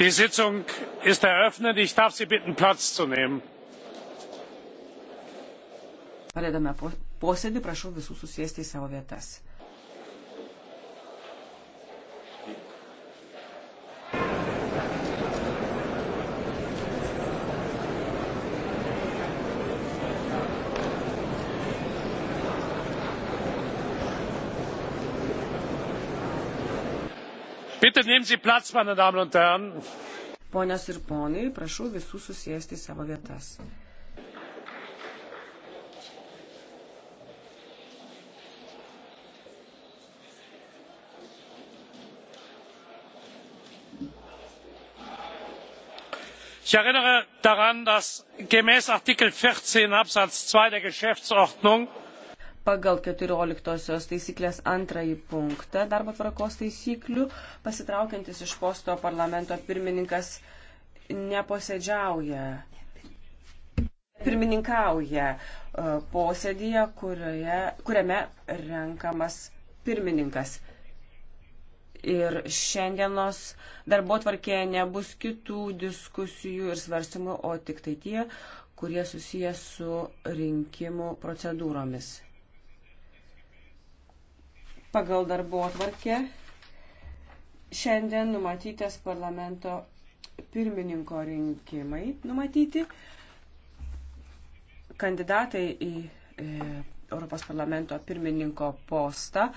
die sitzung ist eröffnet. ich darf sie bitten platz zu nehmen. pradedame posėdį prašau visų susėsti į savo vietas. Bitte nehmen Sie Platz, meine Damen und Herren. Ponios ir ponai, prašau visų susėsti į savo vietas. ich erinnere daran dass gemäß artikel vierzehn absatz zwei der geschäftsordnung pagal 14 taisyklės antrąjį punktą darbo tvarkos taisyklių, pasitraukiantis iš posto parlamento pirmininkas neposėdžiauja. Pirmininkauja e, posėdėje, kurioje, kuriame renkamas pirmininkas. Ir šiandienos darbo tvarkėje nebus kitų diskusijų ir svarstymų, o tik tai tie, kurie susijęs su rinkimų procedūromis pagal darbo atvarkę šiandien numatytas parlamento pirmininko rinkimai numatyti. Kandidatai į e, Europos parlamento pirmininko postą